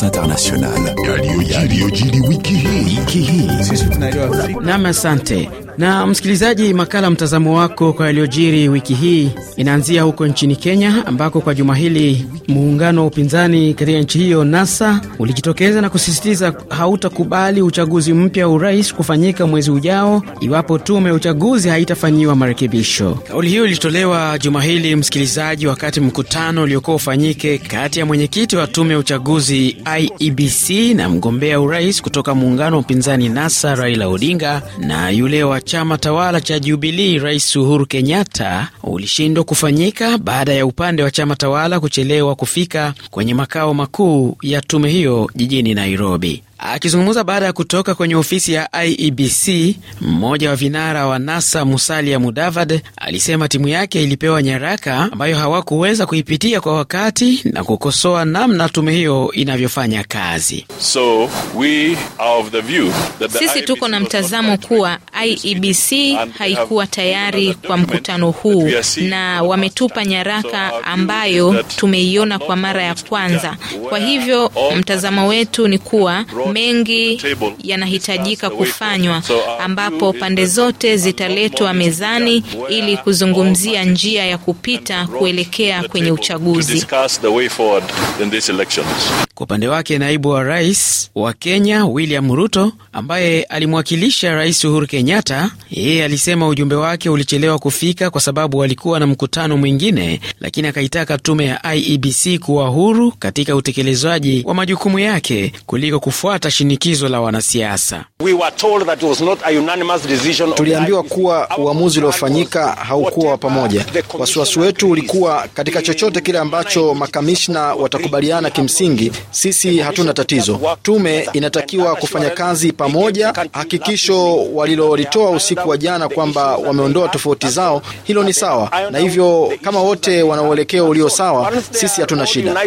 France internationale. Yaliyojiri Nam, asante. Na msikilizaji, makala mtazamo wako kwa yaliyojiri wiki hii inaanzia huko nchini Kenya, ambako kwa juma hili muungano wa upinzani katika nchi hiyo NASA ulijitokeza na kusisitiza hautakubali uchaguzi mpya wa urais kufanyika mwezi ujao iwapo tume ya uchaguzi haitafanyiwa marekebisho. Kauli hiyo ilitolewa juma hili, msikilizaji, wakati mkutano uliokuwa ufanyike kati ya mwenyekiti wa tume ya uchaguzi IEBC na mgombea urais kutoka muungano wa upinzani NASA Raila Odinga na yule wa chama tawala cha Jubilii Rais Uhuru Kenyatta ulishindwa kufanyika baada ya upande wa chama tawala kuchelewa kufika kwenye makao makuu ya tume hiyo jijini Nairobi. Akizungumza baada ya kutoka kwenye ofisi ya IEBC, mmoja wa vinara wa NASA Musalia Mudavadi alisema timu yake ilipewa nyaraka ambayo hawakuweza kuipitia kwa wakati na kukosoa namna tume hiyo inavyofanya kazi. So, we are of the view that the sisi tuko e na mtazamo kuwa IEBC haikuwa tayari kwa mkutano huu na wametupa nyaraka ambayo tumeiona kwa mara ya kwanza. Kwa hivyo mtazamo wetu ni kuwa mengi yanahitajika kufanywa, uh, ambapo pande zote zitaletwa mezani ili kuzungumzia njia ya kupita kuelekea kwenye uchaguzi. Kwa upande wake, naibu wa rais wa Kenya William Ruto ambaye alimwakilisha Rais Uhuru Kenyatta, yeye alisema ujumbe wake ulichelewa kufika kwa sababu walikuwa na mkutano mwingine, lakini akaitaka tume ya IEBC kuwa huru katika utekelezaji wa majukumu yake kuliko kufuata hata shinikizo la wanasiasa. tuliambiwa kuwa uamuzi uliofanyika haukuwa wa pamoja. Wasiwasi wetu ulikuwa katika chochote kile ambacho makamishna watakubaliana. Kimsingi sisi hatuna tatizo, tume inatakiwa kufanya kazi pamoja. Hakikisho walilolitoa usiku wa jana kwamba wameondoa tofauti zao, hilo ni sawa, na hivyo kama wote wana uelekeo ulio sawa, sisi hatuna shida.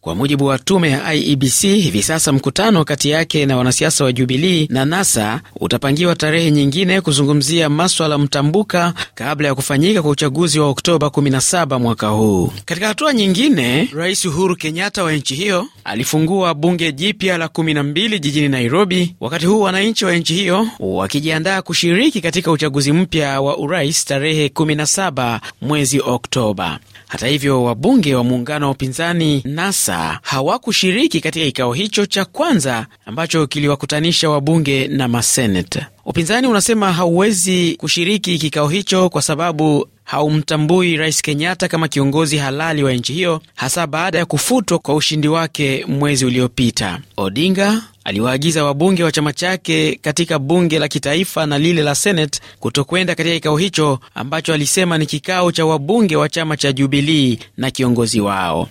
Kwa mujibu wa tume tume ya IEBC hivi sasa mkutano kati yake na wanasiasa wa Jubilii na NASA utapangiwa tarehe nyingine kuzungumzia maswala mtambuka kabla ya kufanyika kwa uchaguzi wa Oktoba 17 mwaka huu. Katika hatua nyingine, Rais Uhuru Kenyatta wa nchi hiyo alifungua bunge jipya la 12 jijini Nairobi, wakati huu wananchi wa nchi hiyo wakijiandaa kushiriki katika uchaguzi mpya wa urais tarehe 17 mwezi Oktoba. Hata hivyo, wabunge wa muungano wa upinzani NASA hawaku kushiriki katika kikao hicho cha kwanza ambacho kiliwakutanisha wabunge na maseneta. Upinzani unasema hauwezi kushiriki kikao hicho kwa sababu haumtambui Rais Kenyatta kama kiongozi halali wa nchi hiyo, hasa baada ya kufutwa kwa ushindi wake mwezi uliopita. Odinga aliwaagiza wabunge wa chama chake katika bunge la kitaifa na lile la Senate kutokwenda katika kikao hicho ambacho alisema ni kikao cha wabunge wa chama cha Jubilii na kiongozi wao.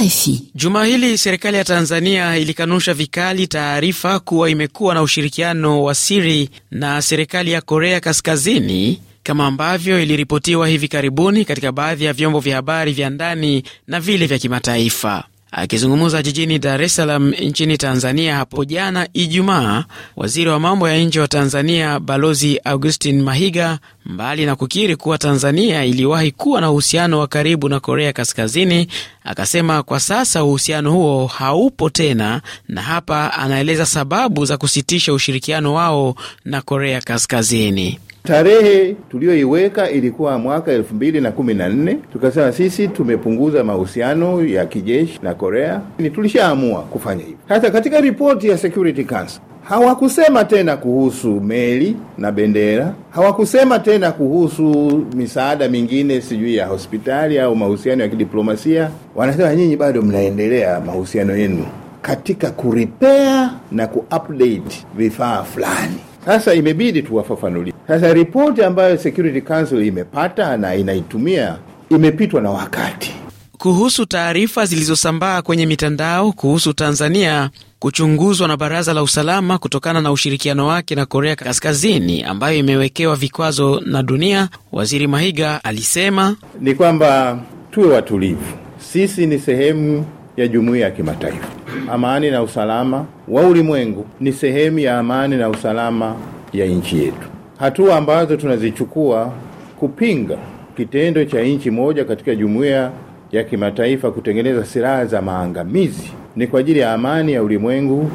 RFI. Juma hili serikali ya Tanzania ilikanusha vikali taarifa kuwa imekuwa na ushirikiano wa siri na serikali ya Korea Kaskazini kama ambavyo iliripotiwa hivi karibuni katika baadhi ya vyombo vya habari vya ndani na vile vya kimataifa. Akizungumza jijini Dar es Salaam nchini Tanzania hapo jana Ijumaa, waziri wa mambo ya nje wa Tanzania Balozi Augustin Mahiga, mbali na kukiri kuwa Tanzania iliwahi kuwa na uhusiano wa karibu na Korea Kaskazini, akasema kwa sasa uhusiano huo haupo tena, na hapa anaeleza sababu za kusitisha ushirikiano wao na Korea Kaskazini. Tarehe tuliyoiweka ilikuwa mwaka elfu mbili na kumi na nne. Tukasema sisi tumepunguza mahusiano ya kijeshi na Korea, ni tulishaamua kufanya hivyo. Hata katika ripoti ya Security Council hawakusema tena kuhusu meli na bendera, hawakusema tena kuhusu misaada mingine, sijui ya hospitali au mahusiano ya kidiplomasia. Wanasema nyinyi bado mnaendelea mahusiano yenu katika kuripea na kuupdate vifaa fulani. Sasa imebidi tuwafafanulie. Sasa ripoti ambayo Security Council imepata na inaitumia imepitwa na wakati. Kuhusu taarifa zilizosambaa kwenye mitandao kuhusu Tanzania kuchunguzwa na Baraza la Usalama kutokana na ushirikiano wake na Korea Kaskazini ambayo imewekewa vikwazo na dunia, Waziri Mahiga alisema ni kwamba tuwe watulivu, sisi ni sehemu ya jumuiya ya kimataifa. Amani na usalama wa ulimwengu ni sehemu ya amani na usalama ya nchi yetu hatua ambazo tunazichukua kupinga kitendo cha nchi moja katika jumuiya ya kimataifa kutengeneza silaha za maangamizi ni kwa ajili ya amani ya ulimwengu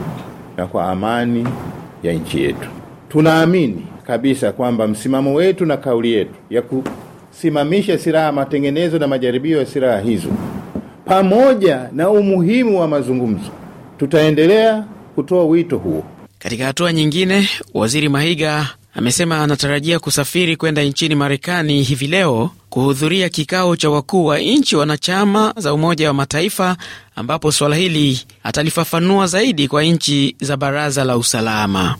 na kwa amani ya nchi yetu. Tunaamini kabisa kwamba msimamo wetu na kauli yetu ya kusimamisha silaha, matengenezo na majaribio ya silaha hizo, pamoja na umuhimu wa mazungumzo, tutaendelea kutoa wito huo. Katika hatua nyingine, Waziri Mahiga amesema anatarajia kusafiri kwenda nchini Marekani hivi leo kuhudhuria kikao cha wakuu wa nchi wanachama za Umoja wa Mataifa, ambapo suala hili atalifafanua zaidi kwa nchi za Baraza la Usalama.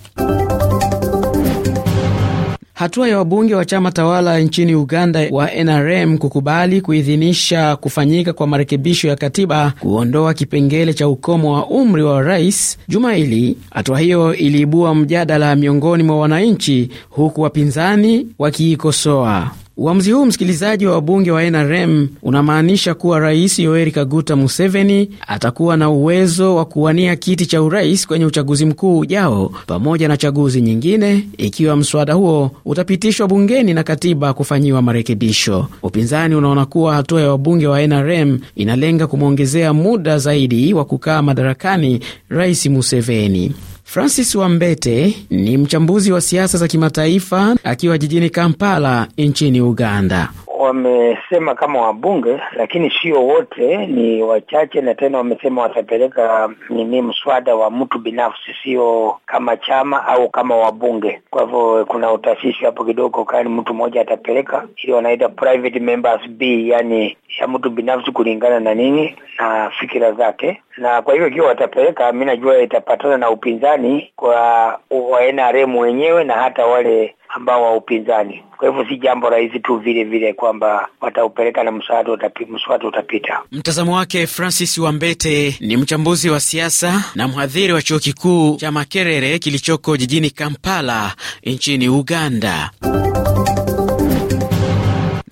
Hatua ya wabunge wa chama tawala nchini Uganda wa NRM kukubali kuidhinisha kufanyika kwa marekebisho ya katiba kuondoa kipengele cha ukomo wa umri wa rais juma hili. Hatua hiyo iliibua mjadala miongoni mwa wananchi, huku wapinzani wakiikosoa. Uamuzi huu msikilizaji wa wabunge wa NRM unamaanisha kuwa Rais Yoweri Kaguta Museveni atakuwa na uwezo wa kuwania kiti cha urais kwenye uchaguzi mkuu ujao pamoja na chaguzi nyingine, ikiwa mswada huo utapitishwa bungeni na katiba kufanyiwa marekebisho. Upinzani unaona kuwa hatua ya wabunge wa NRM inalenga kumwongezea muda zaidi wa kukaa madarakani Rais Museveni. Francis Wambete ni mchambuzi wa siasa za kimataifa akiwa jijini Kampala nchini Uganda wamesema kama wabunge, lakini sio wote, ni wachache, na tena wamesema watapeleka nini mswada wa mtu binafsi, sio kama chama au kama wabunge. Kwa hivyo kuna utasisi hapo kidogo, kani mtu mmoja atapeleka hiyo wanaita private members yani ya mtu binafsi kulingana na nini na fikira zake. Na kwa hivyo ikiwa watapeleka, mi najua itapatana na upinzani kwa wa NRM wenyewe na hata wale ambao wa upinzani. Kwa hivyo si jambo rahisi tu vile vile kwamba wataupeleka na mswada utapi, utapita. Mtazamo wake Francis Wambete ni mchambuzi wa siasa na mhadhiri wa chuo kikuu cha Makerere kilichoko jijini Kampala nchini Uganda.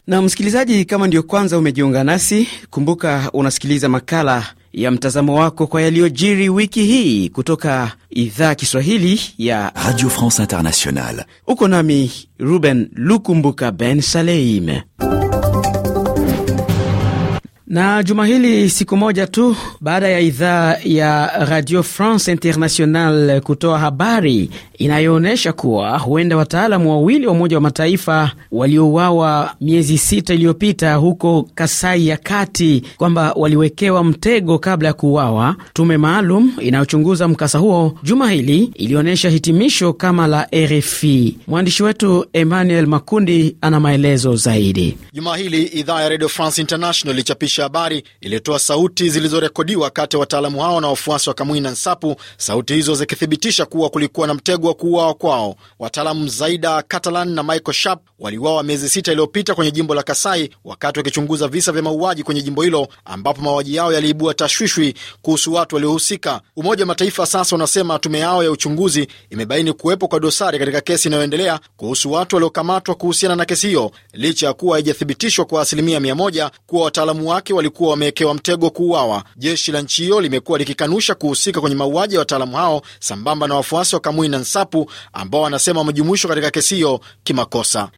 Na msikilizaji, kama ndiyo kwanza umejiunga nasi, kumbuka unasikiliza makala ya mtazamo wako kwa yaliyojiri wiki hii kutoka idhaa Kiswahili ya Radio France Internationale. Uko nami Ruben Lukumbuka Ben Saleim. Na juma hili siku moja tu baada ya idhaa ya Radio France International kutoa habari inayoonyesha kuwa huenda wataalamu wawili wa Umoja wa Mataifa waliouawa miezi sita iliyopita huko Kasai ya Kati kwamba waliwekewa mtego kabla ya kuuawa, tume maalum inayochunguza mkasa huo juma hili ilionyesha hitimisho kama la RFI. Mwandishi wetu Emmanuel Makundi ana maelezo zaidi. Juma hili idhaa ya Radio France International ilichapisha cha habari ilitoa sauti zilizorekodiwa kati ya wataalamu hao na wafuasi wa Kamwina Nsapu, sauti hizo zikithibitisha kuwa kulikuwa na mtego wa kuuawa kwao. Wataalamu Zaida Catalan na Michael Sharp waliuawa miezi sita iliyopita kwenye jimbo la Kasai wakati wakichunguza visa vya mauaji kwenye jimbo hilo, ambapo mauaji yao yaliibua tashwishwi kuhusu watu waliohusika. Umoja wa Mataifa sasa unasema tume yao ya uchunguzi imebaini kuwepo kwa dosari katika kesi inayoendelea kuhusu watu waliokamatwa kuhusiana na kesi hiyo, licha ya kuwa haijathibitishwa kwa asilimia mia moja kuwa wataalamu wake wake walikuwa wamewekewa mtego kuuawa. Jeshi la nchi hiyo limekuwa likikanusha kuhusika kwenye mauaji ya wataalamu hao sambamba na wafuasi wa na Nsapu ambao wanasema wamejumuishwa katika kesi hiyo kimakosa.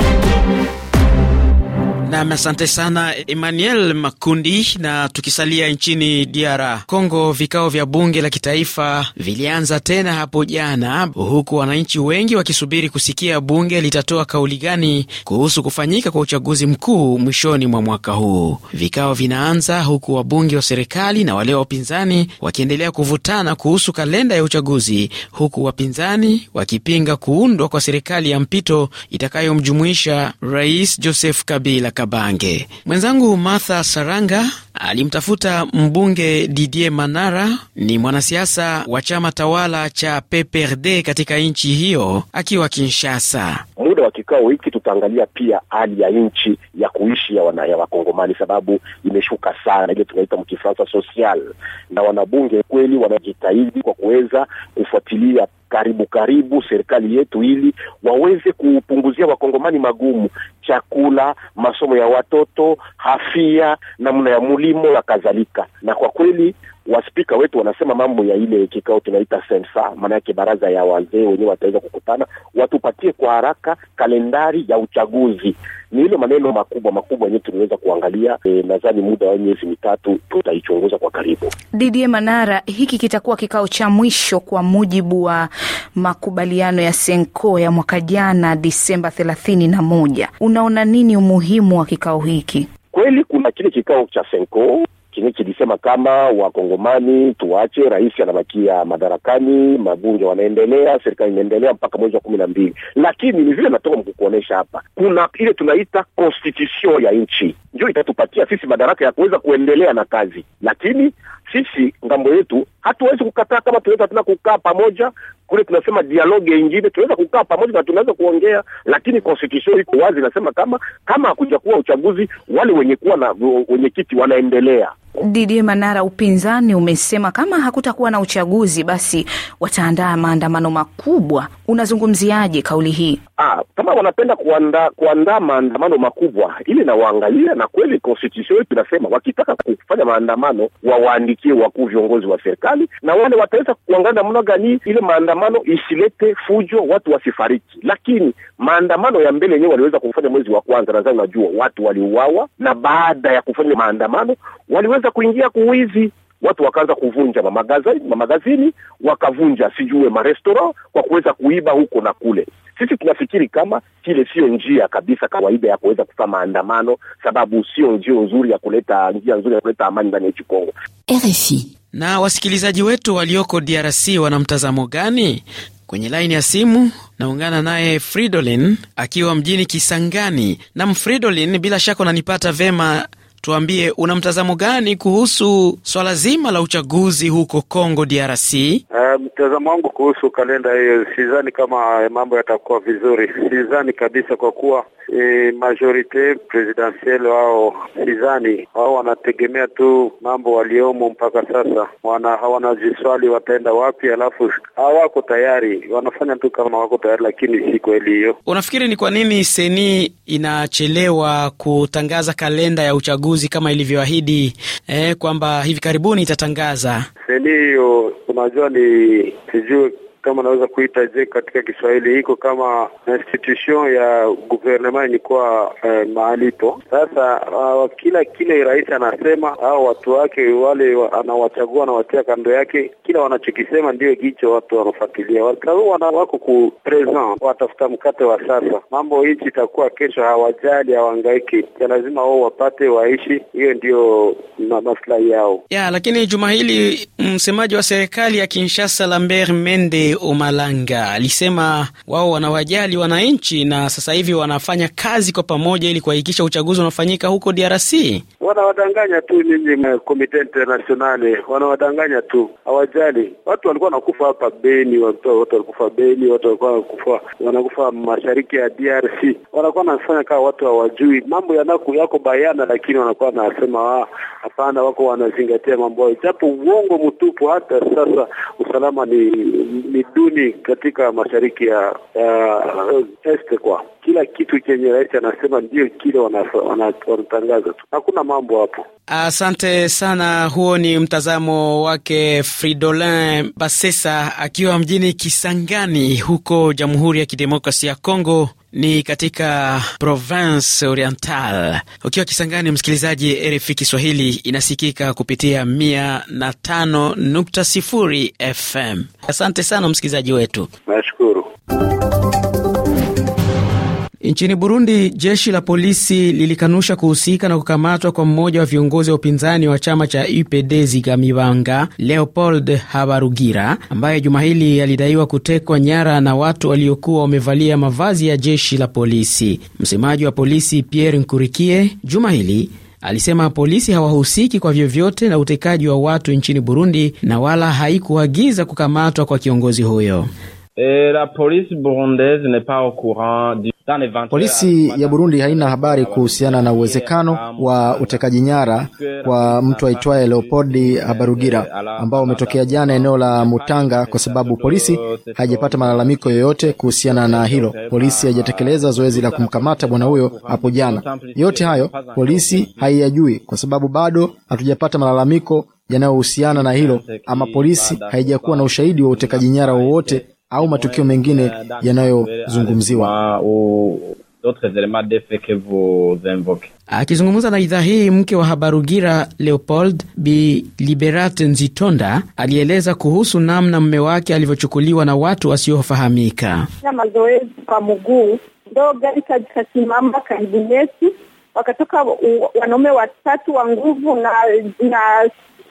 Nam, asante sana Emmanuel Makundi. Na tukisalia nchini DR Congo, vikao vya bunge la kitaifa vilianza tena hapo jana, huku wananchi wengi wakisubiri kusikia bunge litatoa kauli gani kuhusu kufanyika kwa uchaguzi mkuu mwishoni mwa mwaka huu. Vikao vinaanza huku wabunge wa serikali na wale wa upinzani wakiendelea kuvutana kuhusu kalenda ya uchaguzi, huku wapinzani wakipinga kuundwa kwa serikali ya mpito itakayomjumuisha Rais Joseph Kabila Kabange. Mwenzangu Martha Saranga alimtafuta mbunge Didier Manara, ni mwanasiasa wa chama tawala cha PPRD katika nchi hiyo, akiwa Kinshasa. Muda wa kikao hiki tutaangalia pia hali ya nchi ya kuishi ya wana ya Wakongomani, sababu imeshuka sana, ile tunaita mkifaransa social, na wanabunge kweli wanajitahidi kwa kuweza kufuatilia karibu karibu serikali yetu ili waweze kupunguzia wakongomani magumu, chakula, masomo ya watoto, hafia namna ya mlimo na kadhalika. Na kwa kweli waspika wetu wanasema mambo ya ile kikao tunaita sensa, maana yake baraza ya wazee wenyewe wataweza kukutana, watupatie kwa haraka kalendari ya uchaguzi. Ni ile maneno makubwa makubwa yenyewe tuliweza kuangalia. E, nadhani muda wa miezi mitatu tutaichunguza kwa karibu. Didie Manara, hiki kitakuwa kikao cha mwisho kwa mujibu wa makubaliano ya Senko ya mwaka jana Disemba thelathini na moja. Unaona nini umuhimu wa kikao hiki? Kweli kuna kile kikao cha Senko kenye kilisema kama wakongomani tuache, rais anabakia madarakani, mabunge wanaendelea, serikali inaendelea mpaka mwezi wa kumi na mbili. Lakini ni vile natoka mkukuonesha hapa, kuna ile tunaita constitution ya nchi, ndio itatupatia sisi madaraka ya kuweza kuendelea na kazi, lakini sisi ngambo yetu hatuwezi kukataa. Kama tunaweza tena kukaa pamoja kule, tunasema dialogue ingine, tunaweza kukaa pamoja na tunaweza kuongea, lakini constitution iko wazi, inasema kama kama hakuja kuwa uchaguzi, wale wenye kuwa na wenyekiti wanaendelea Didie Manara, upinzani umesema kama hakutakuwa na uchaguzi basi wataandaa maandamano makubwa. Unazungumziaje kauli hii? Ah, kama wanapenda kuandaa kuandaa maandamano makubwa, ili nawaangalia na kweli, constitution yetu inasema wakitaka kufanya maandamano wawaandikie wakuu viongozi wa serikali, na wale wataweza kuangalia namna gani ile maandamano isilete fujo, watu wasifariki. Lakini maandamano ya mbele yenyewe waliweza kufanya mwezi wa kwanza, nadhani unajua watu waliuawa, na baada ya kufanya maandamano waliweza wakaanza kuingia kuwizi watu wakaanza kuvunja mamagazini, mamagazini wakavunja sijue marestora kwa kuweza kuiba huko na kule. Sisi tunafikiri kama kile sio njia kabisa kawaida ya kuweza kufanya maandamano, sababu sio njia nzuri ya kuleta njia nzuri ya kuleta amani ndani ya nchi Kongo. RFI. Na wasikilizaji wetu walioko DRC wana mtazamo gani? Kwenye laini ya simu naungana naye Fridolin akiwa mjini Kisangani. Na Fridolin, bila shaka unanipata vema tuambie una mtazamo gani kuhusu swala zima la uchaguzi huko Congo DRC? Uh, um, Mtazamo wangu kuhusu kalenda hiyo, eh, sidhani kama mambo yatakuwa vizuri, sidhani kabisa, kwa kuwa e, majorite presidentielle wao, sidhani wao wanategemea tu mambo waliomo mpaka sasa, wana jiswali wataenda wapi, alafu hawako tayari, wanafanya tu kama wako tayari, lakini si kweli hiyo. Unafikiri ni kwa nini seni inachelewa kutangaza kalenda ya uchaguzi kama ilivyoahidi, eh, kwamba hivi karibuni itatangaza seni hiyo? majorité du toujours kama naweza kuita je katika Kiswahili iko kama institution ya gouvernement ilikuwa eh, mahali sasa. Uh, kila kile rais anasema au watu wake wale wa, anawachagua anawatia kando yake, kila wanachokisema ndio jicho watu wanafuatilia, wana wako ku present, watafuta mkate wa sasa. Mambo hichi itakuwa kesho, hawajali ya lazima wao wapate waishi, hiyo ndio maslahi yao ya. Lakini juma hili msemaji wa serikali ya Kinshasa Lambert Mende Omalanga alisema wao wanawajali wananchi na sasa hivi wanafanya kazi kwa pamoja ili kuhakikisha uchaguzi unafanyika huko DRC. Wanawadanganya tu nyinyi eh, Komite Internationale, wanawadanganya tu, hawajali. Watu walikuwa wanakufa hapa Beni, watu walikufa Beni, watu walikuwa wanakufa wanakufa mashariki ya DRC, wanakuwa wanafanya kama watu hawajui mambo yanaku, yako bayana, lakini wanakuwa wanasema ah, hapana, wako wanazingatia mambo hayo, japo uongo mtupu. Hata sasa usalama ni, ni duni katika mashariki ya uh, este kwa kila kitu chenye rais anasema ndio kile wanatangaza tu, hakuna mambo hapo. Asante sana. Huo ni mtazamo wake Fridolin Basesa akiwa mjini Kisangani huko Jamhuri ya Kidemokrasia ya Kongo ni katika Province Oriental. Ukiwa Kisangani, msikilizaji, RFI Kiswahili inasikika kupitia mia na tano nukta sifuri FM. Asante sana msikilizaji wetu, nashukuru. Nchini Burundi, jeshi la polisi lilikanusha kuhusika na kukamatwa kwa mmoja wa viongozi wa upinzani wa chama cha UPD Zigamibanga, Leopold Habarugira, ambaye juma hili alidaiwa kutekwa nyara na watu waliokuwa wamevalia mavazi ya jeshi la polisi. Msemaji wa polisi Pierre Nkurikie juma hili alisema polisi hawahusiki kwa vyovyote na utekaji wa watu nchini Burundi na wala haikuagiza kukamatwa kwa kiongozi huyo. E, la burundaise n'est pas au courant du Polisi ya Burundi haina habari kuhusiana na uwezekano wa utekaji nyara kwa mtu aitwaye Leopoldi Habarugira ambao umetokea jana eneo la Mutanga, kwa sababu polisi haijapata malalamiko yoyote kuhusiana na hilo. Polisi haijatekeleza zoezi la kumkamata bwana huyo hapo jana. Yote hayo polisi haiyajui kwa sababu bado hatujapata malalamiko yanayohusiana na hilo ama polisi haijakuwa na ushahidi wa utekaji nyara wowote au matukio mengine yanayozungumziwa. Akizungumza na idhaa hii, mke wa Habarugira Leopold Bi liberat Nzitonda alieleza kuhusu namna mme wake alivyochukuliwa na watu wasiofahamika. mazoezi kwa mguu ndo gari kasimama karibu yetu, wakatoka wanaume watatu wa nguvu na na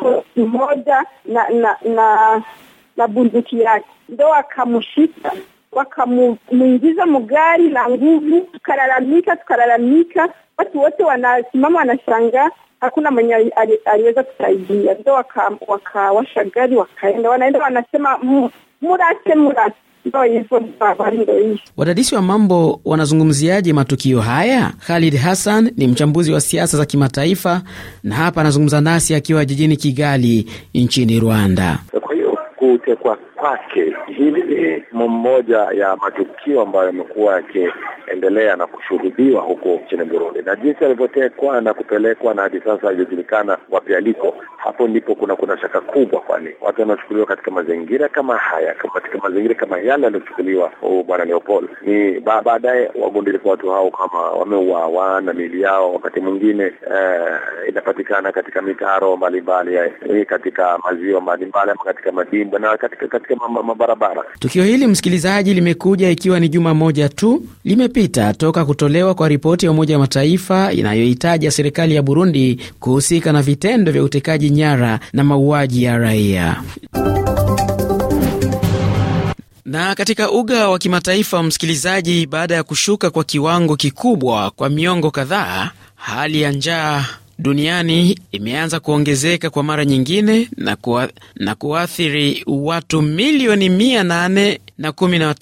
na, na, na, na bunduki yake ndo wakamushika wakamwingiza mu gari la nguvu, tukalalamika tukalalamika, watu wote wanasimama wanashanga hakuna mwenye aliweza kusaidia. Ndo wakawasha waka, gari wakaenda, wanaenda wanasema murase murase Wadadisi wa mambo wanazungumziaje matukio haya? Khalid Hassan ni mchambuzi wa siasa za kimataifa na hapa anazungumza nasi akiwa jijini Kigali nchini Rwanda kutekwa kwake. Hili ni moja ya matukio ambayo yamekuwa yakiendelea na kushuhudiwa huko nchini Burundi, na jinsi alivyotekwa na kupelekwa na hadi sasa haijajulikana wapi aliko, hapo ndipo kuna kuna shaka kubwa, kwani watu wanaochukuliwa katika mazingira kama haya, katika mazingira kama yale yaliyochukuliwa bwana Leopold, ni baadaye wagundulika watu hao kama wameuawa na miili yao wakati mwingine eh, inapatikana katika mitaro mbalimbali, eh, katika maziwa mbalimbali ama katika madimbwa na katika, katika mabarabara. Tukio hili msikilizaji, limekuja ikiwa ni juma moja tu limepita toka kutolewa kwa ripoti ya Umoja wa Mataifa inayohitaja serikali ya Burundi kuhusika na vitendo vya utekaji nyara na mauaji ya raia. Na katika uga wa kimataifa, msikilizaji, baada ya kushuka kwa kiwango kikubwa kwa miongo kadhaa, hali ya njaa duniani imeanza kuongezeka kwa mara nyingine na, kuwa, na kuathiri watu milioni 8 na kumi na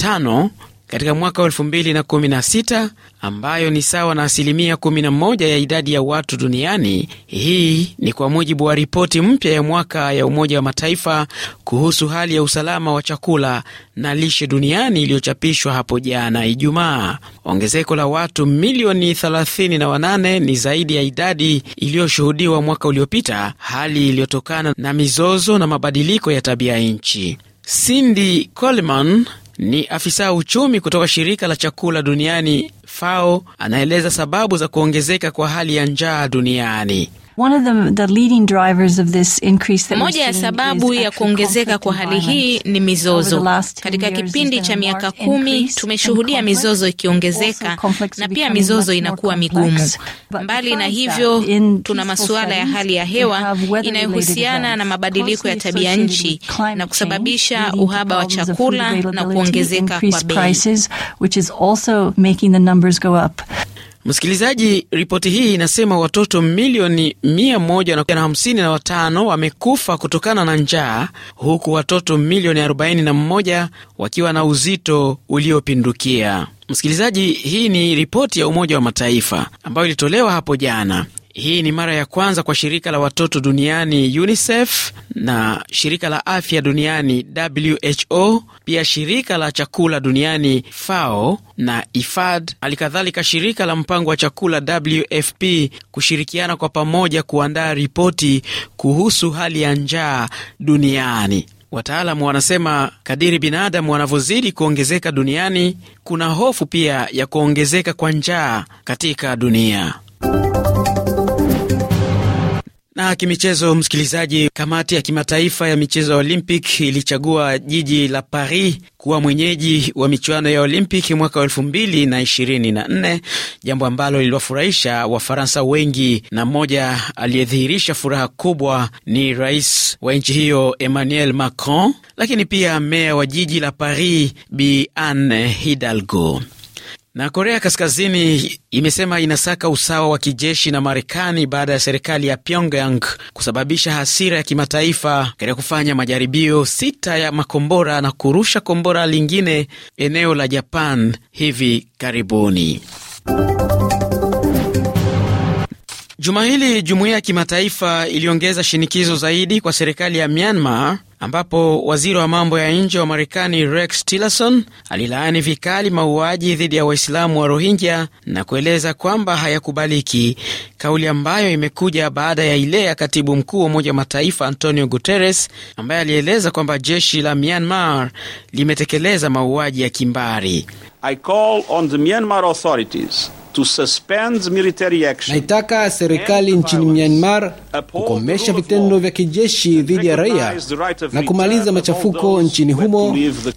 katika mwaka wa 2016 ambayo ni sawa na asilimia 11 ya idadi ya watu duniani. Hii ni kwa mujibu wa ripoti mpya ya mwaka ya Umoja wa Mataifa kuhusu hali ya usalama wa chakula na lishe duniani iliyochapishwa hapo jana Ijumaa. Ongezeko la watu milioni 38 ni zaidi ya idadi iliyoshuhudiwa mwaka uliopita, hali iliyotokana na mizozo na mabadiliko ya tabia nchi. Cindy Coleman ni afisa uchumi kutoka shirika la chakula duniani FAO, anaeleza sababu za kuongezeka kwa hali ya njaa duniani. Moja ya sababu ya kuongezeka kwa hali hii ni mizozo. Katika kipindi cha miaka kumi tumeshuhudia mizozo ikiongezeka na pia mizozo inakuwa migumu. Mbali na hivyo, tuna masuala ya hali ya hewa inayohusiana na mabadiliko ya tabia nchi na kusababisha uhaba wa chakula na kuongezeka kwa bei. Msikilizaji, ripoti hii inasema watoto milioni 155 wamekufa kutokana na njaa, huku watoto milioni 41 wakiwa na uzito uliopindukia. Msikilizaji, hii ni ripoti ya Umoja wa Mataifa ambayo ilitolewa hapo jana. Hii ni mara ya kwanza kwa shirika la watoto duniani UNICEF na shirika la afya duniani WHO, pia shirika la chakula duniani FAO na IFAD, hali kadhalika shirika la mpango wa chakula WFP kushirikiana kwa pamoja kuandaa ripoti kuhusu hali ya njaa duniani. Wataalamu wanasema kadiri binadamu wanavyozidi kuongezeka duniani, kuna hofu pia ya kuongezeka kwa njaa katika dunia. Na kimichezo, msikilizaji, kamati ya kimataifa ya michezo ya Olympic ilichagua jiji la Paris kuwa mwenyeji wa michuano ya Olympic mwaka wa elfu mbili na ishirini na nne, jambo ambalo liliwafurahisha Wafaransa wengi, na mmoja aliyedhihirisha furaha kubwa ni rais wa nchi hiyo Emmanuel Macron, lakini pia meya wa jiji la Paris Bi Anne Hidalgo. Na Korea Kaskazini imesema inasaka usawa wa kijeshi na Marekani baada ya serikali ya Pyongyang kusababisha hasira ya kimataifa katika kufanya majaribio sita ya makombora na kurusha kombora lingine eneo la Japan hivi karibuni. Juma hili jumuiya ya kimataifa iliongeza shinikizo zaidi kwa serikali ya Myanmar ambapo waziri wa mambo ya nje wa Marekani Rex Tillerson alilaani vikali mauaji dhidi ya Waislamu wa Rohingya na kueleza kwamba hayakubaliki, kauli ambayo imekuja baada ya ile ya katibu mkuu wa Umoja wa Mataifa Antonio Guterres ambaye alieleza kwamba jeshi la Myanmar limetekeleza mauaji ya kimbari. I call on the Myanmar authorities Naitaka serikali nchini Myanmar kukomesha vitendo vya kijeshi dhidi ya raia na kumaliza machafuko nchini humo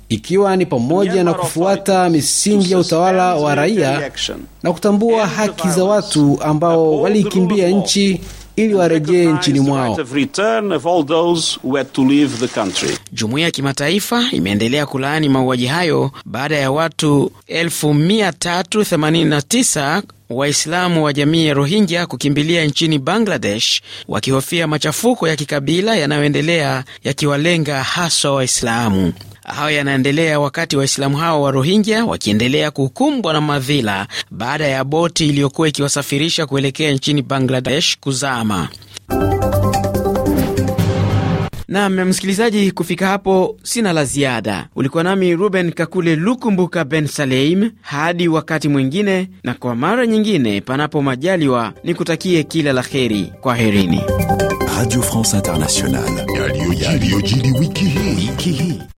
ikiwa ni pamoja na kufuata misingi ya utawala wa raia na kutambua haki za watu ambao waliikimbia nchi ili warejee nchini mwao. Jumuiya ya kimataifa imeendelea kulaani mauaji hayo baada ya watu 1389 Waislamu wa jamii ya Rohingya kukimbilia nchini Bangladesh wakihofia machafuko ya kikabila yanayoendelea yakiwalenga haswa Waislamu. Hayo yanaendelea wakati Waislamu hao wa Rohingya wakiendelea kukumbwa na madhila baada ya boti iliyokuwa ikiwasafirisha kuelekea nchini Bangladesh kuzama. Nam msikilizaji, kufika hapo sina la ziada. Ulikuwa nami Ruben Kakule Lukumbuka Ben Saleim, hadi wakati mwingine, na kwa mara nyingine, panapo majaliwa, ni kutakie kila la heri. Kwa herini. Radio France Internationale, yaliyojiri wiki hii.